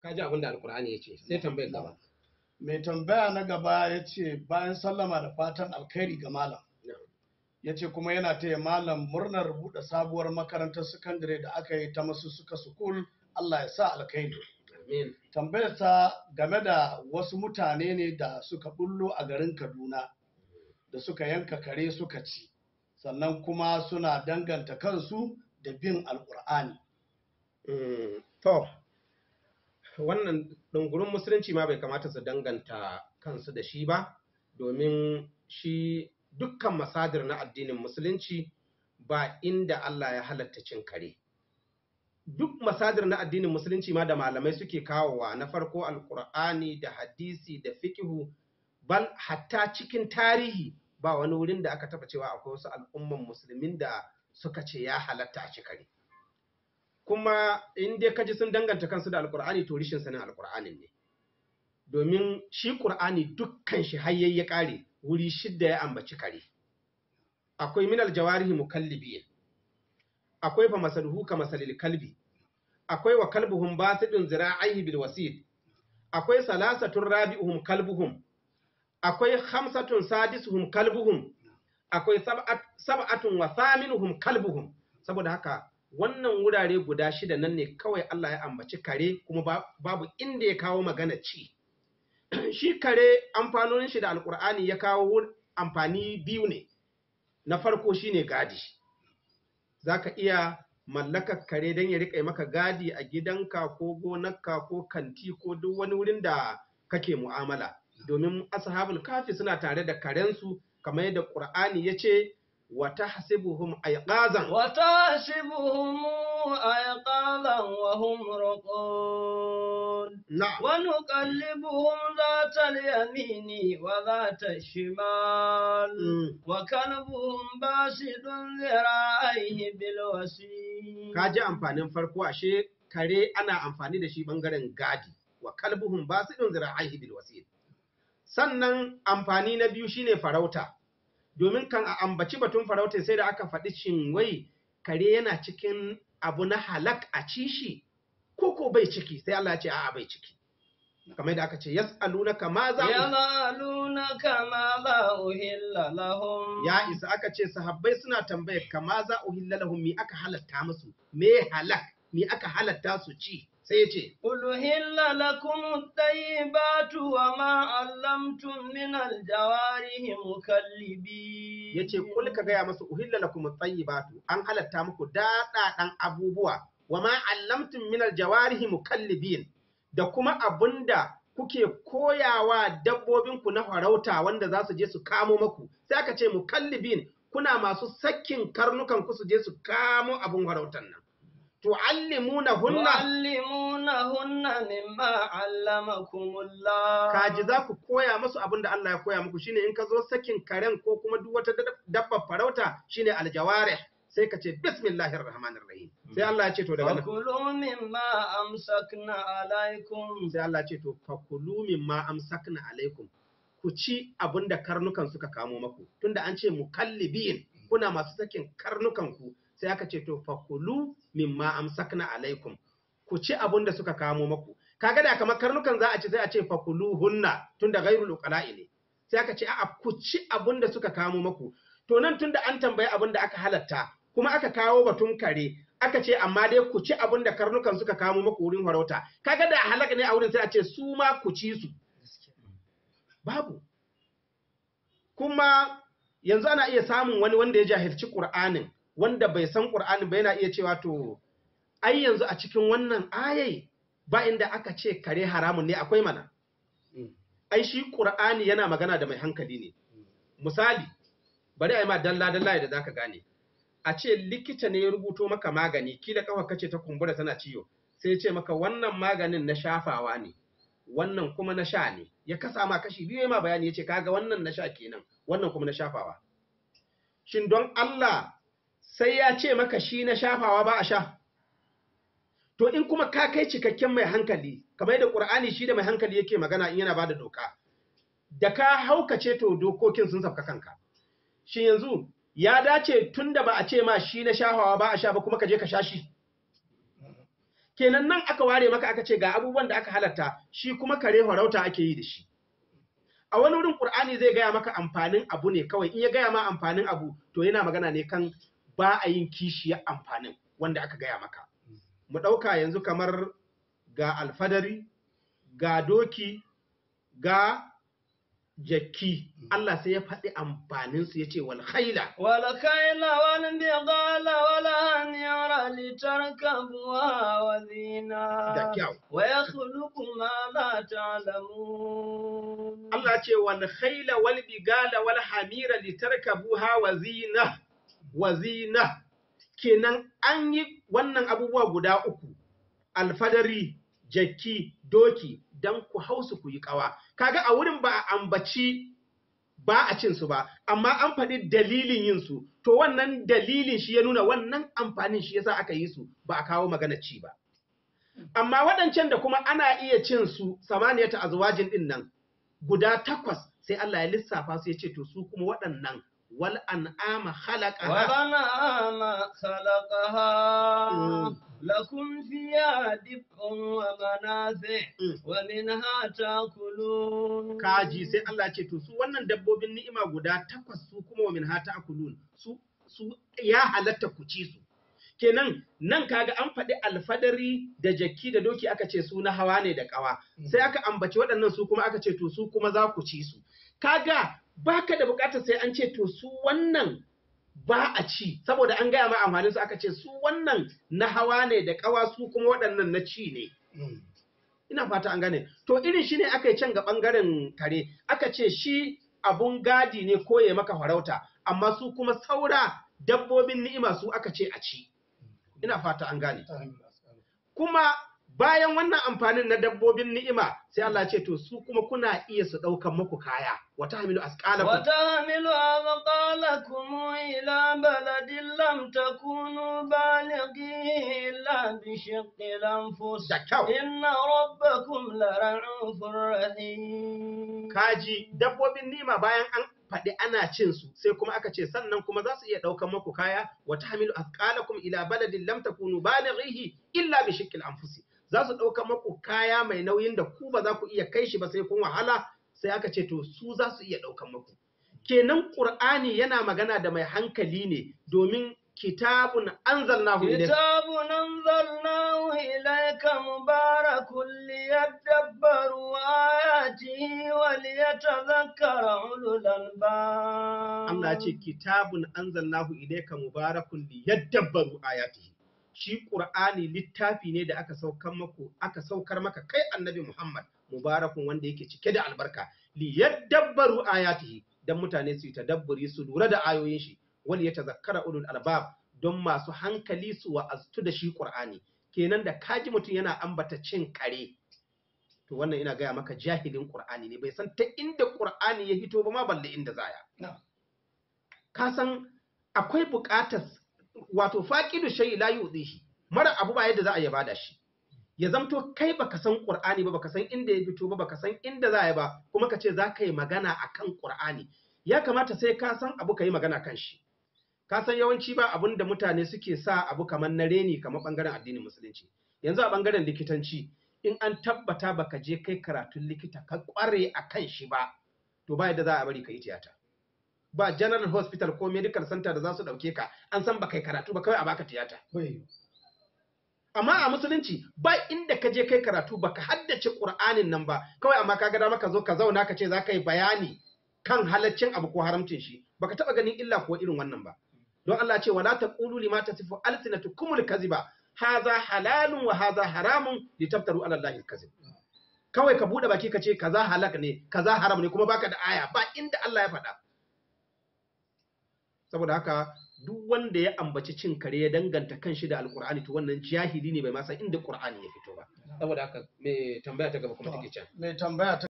ka ji alkur'ani ya ce sai tambayar gaba mai tambaya na gaba ya ce bayan sallama da fatan alkhairi ga malam ya ce kuma yana taya malam murnar buɗe sabuwar makarantar sakandare da aka yi ta masu suka sukul allah ya sa alkhairi tambayar ta game da wasu mutane ne da suka bullo a garin kaduna da suka yanka kare suka ci sannan kuma suna danganta kansu da bin alkur'ani mm, wannan ɗungurin musulunci ma bai kamata su danganta kansu da shi ba domin shi dukkan masadir na addinin musulunci ba inda Allah ya halatta cin kare duk masadir na addinin musulunci ma da malamai suke kawowa na farko alkur'ani da hadisi da fikihu bal hatta cikin tarihi ba wani wurin da aka taɓa cewa akwai wasu al'umman musulmin da suka ce ya halatta a ci kare kuma in dai kaji sun danganta kansu da alkur'ani to rishin sanin alkur'anin ne domin shi ƙur'ani dukkan shi hayyai ya kare wuri shidda ya ambaci kare akwai minal jawarihi mukallibi akwai fa masalhu ka masalil kalbi akwai wa kalbuhum basidun zira'aihi bil wasid akwai salasatun rabi'uhum kalbuhum akwai khamsatun sadisuhum kalbuhum akwai sab'atun wa thaminuhum kalbuhum saboda haka wannan wurare guda shida nan ne kawai Allah ya ambaci kare kuma babu inda ya kawo magana ci shi kare amfanonin shi da alkur'ani ya kawo amfani biyu ne na farko shine gadi zaka iya mallaka kare don ya riƙa maka gadi a gidanka ko gonarka ko kanti ko duk wani wurin da kake mu'amala domin ashabul kafi suna tare da karensu kamar yadda qur'ani ya ce وتحسبهم أيقاظا وتحسبهم أيقاظا وهم رقود نعم ونقلبهم ذات اليمين وذات الشمال م. وكلبهم باسد ذراعيه بالوسيد كاجي أمفانين فرقوا أشي kare ana amfani دشي shi غادي وكلبهم باسد kalbuhum basidun سنن bil نبيو sannan amfani domin kan a ambaci batun farauta sai da aka faɗi shin wai kare yana cikin abu na halak a ci shi ko ko bai ciki sai Allah ce a'a bai ciki kamar da aka ce yas'alunaka ma za ma za uhilla lahum ya isa aka ce sahabbai suna tambayar kama za uhilla lahum mi aka halatta musu me halak mi aka halatta su ci sai ce hilla lakum tayyibatu wa ma allamtum min aljawarihi mukallibi yace kul ka gaya masu uhilla lakum tayyibatu an halatta muku daɗaɗan abubuwa wa ma allamtum min aljawarihi mukallibin da kuma abunda kuke koyawa dabbobinku na farauta wanda za su je su kamo maku sai aka ce mukallibin kuna masu sakkin karnukan ku su je su kamo abun farautan nan tu'allimunahunna tu'allimunahunna mimma 'allamakumullah kaji za ku koya musu abinda Allah ya koya muku shine in ka zo sakin karen ko kuma duk wata dabbar farauta shine aljawarih sai ka ce bismillahir rahmanir rahim hmm. sai Allah ya ce to daga nan fakulu mimma amsakna alaikum sai Allah ya ce to fakulu mimma amsakna alaikum ku ci abinda karnukan suka kamo maku tunda an ce mukallibin kuna masu sakin karnukanku. sai aka ce to fakulu mimma amsakna alaikum ku ci abun da suka kamo maku kaga da kamar karnukan za a ci sai a ce fakulu hunna tunda ghairul qala'i ne sai aka ce a'a ku ci abun da suka kamo maku to nan tunda an tambayi abun da aka halatta kuma aka kawo batun kare aka ce amma dai ku ci abun da karnukan suka kamo maku wurin farauta kaga da halaka ne a wurin sai a ce su ma ku ci su babu kuma yanzu ana iya samun wani wanda ya jahilci Qur'anin wanda bai san ƙur'ani ba yana iya cewa to ai yanzu a cikin wannan ayai ba inda aka ce kare haramun ne akwai mana ai shi ƙur'ani yana magana da mai hankali ne misali bari a yi ma dalla dalla da zaka gane a ce likita ne ya rubuto maka magani kila kawai ce ta kumbura tana ciwo sai ya ce maka wannan maganin na shafawa ne wannan kuma na sha ne ya kasa ma kashi biyu ma bayani ya ce kaga wannan na sha kenan wannan kuma na shafawa shin don Allah sai ya ce maka shi na shafawa ba a sha to in kuma ka kai cikakken mai hankali kamar da ƙur'ani shi da mai hankali yake magana in yana bada doka da ka haukace to dokokin sun sauka kanka shi yanzu ya dace tun da ba a ce ma shi na shafawa ba a sha ba kuma ka je ka sha shi kenan nan aka ware maka aka ce ga abubuwan da aka halarta, shi kuma kare farauta ake yi da shi a wani wurin ƙur'ani zai gaya maka amfanin abu ne kawai in ya gaya ma amfanin abu to yana magana ne kan ba a yin kishiyar amfanin wanda aka gaya maka hmm. mu ɗauka yanzu kamar ga alfadari ga doki ga jaki, hmm. Allah sai ya faɗi amfaninsu ya ce walhaila. Walhaila wani gala wala hanyar litar kabuwa wa zina. Da kyau. Wa ya khuluku ba ta alamu. Allah ce walhaila wal gala wal hamira litar kabuwa wa zina. wazina kenan an yi wannan abubuwa guda uku alfadari jaki doki don ku hausu ku yi kawa kaga a wurin ba a ambaci ba a cin ba amma an faɗi dalilin yin su to wannan dalilin shi ya nuna wannan amfanin shi yasa aka yi su ba a kawo magana ci ba amma waɗancan da kuma ana iya cin su samaniyarta a din nan guda takwas sai Allah ya lissafa su ya ce to su kuma waɗannan والأنعام خلقها والأنعام خلقها لكم فيها دفء ومنافع ومنها تأكلون كاجي سي الله تو سو wannan dabbobin ni'ima guda takwas su kuma wa minha ta'kulun su su ya halatta ku ci su kenan nan kaga an faɗi alfadari da jaki da doki aka ce su na hawa ne da ƙawa hmm. sai aka ambaci waɗannan su kuma aka ce to su kuma za ku ci su kaga baka da bukatar sai an ce to su wannan ba a ci saboda an gaya ma amfanin su aka ce su wannan na hawa ne da kawa su kuma waɗannan na ci ne hmm. ina fata an gane to irin shi ne aka yi can ga ɓangaren kare aka ce shi abun gadi ne ko ya maka farauta amma su kuma saura dabbobin ni'ima su aka ce a ci hmm. ina fata an gane kuma bayan wannan amfanin na dabbobin ni'ima sai Allah ce to su kuma kuna iya su ɗaukan muku kaya wata hamilu asqalakum wata hamilu asqalakum ila baladin lam takunu balighi illa bi shiqqil anfus inna rabbakum lara'ufur rahim kaji dabbobin ni'ima bayan an faɗi ana cin su sai kuma aka ce sannan kuma za su iya ɗaukan maku kaya wa tahmilu athqalakum ila baladin lam takunu balighihi illa bi shiqqil anfusi za su ɗauka maku kaya mai nauyin da ku ba za ku iya kai shi ba sai kun wahala sai aka ce to su za su iya ɗaukan maku kenan ƙur'ani yana magana da mai hankali ne domin kitabun anzalnahu ilayka kitabun anzalnahu ilayka mubarakun liyadabbaru ayatihi wa liyatadhakkara ulul albab Allah ce kitabun anzalnahu ilayka mubarakun liyadabbaru ayatihi shi ƙur'ani littafi ne da aka saukar maka aka saukar maka kai Annabi Muhammad mubarakun wanda yake cike da albarka li yadabbaru ayatihi dan mutane su tadabburi su lura da ayoyin shi wal yatazakkara ulul albab don masu hankali su astu da shi Qur'ani kenan da kaji mutum yana ambata cin kare to wannan ina gaya maka jahilin Qur'ani ne bai san ta inda Qur'ani ya hito ba ma balle inda zaya ka san akwai buƙatar wato faƙidu shayi la shi mara abu ba yadda za a yaba da shi ya zamto kai baka san qur'ani ba baka san inda ya fito ba baka san inda za ya ba kuma ka ce za ka yi magana a kan qur'ani ya kamata sai ka san abu ka yi magana kan shi ka san yawanci ba abun da mutane suke sa abu kamar na reni kamar ɓangaren addinin musulunci yanzu a ɓangaren likitanci in an tabbata baka je kai karatun likita ka ƙware a kan shi ba to ba yadda za a bari ka yi tiyata ba general hospital ko medical center da za su ɗauke ka an san ba kai karatu ba kawai a baka tiyata amma a musulunci ba inda ka je kai karatu baka haddace qur'anin nan ba kawai amma ka ga maka zo ka zauna ka ce za ka yi bayani kan halaccin abu ko haramcin shi Ba ka taba ganin illa ko irin wannan ba don Allah ce wala taqulu lima tasifu kumul kaziba Haza halalun wa haza haramun taftaru ala allahi alkazib kawai ka buɗe baki ka ce kaza halak ne kaza haram ne kuma baka da aya ba inda Allah ya faɗa saboda haka duk wanda ya ambaci cin kare ya danganta kan shi da alkur'ani to wannan jahili ne bai ma san inda qur'ani ya fito ba saboda haka me tambaya ta gaba kuma take can me tambaya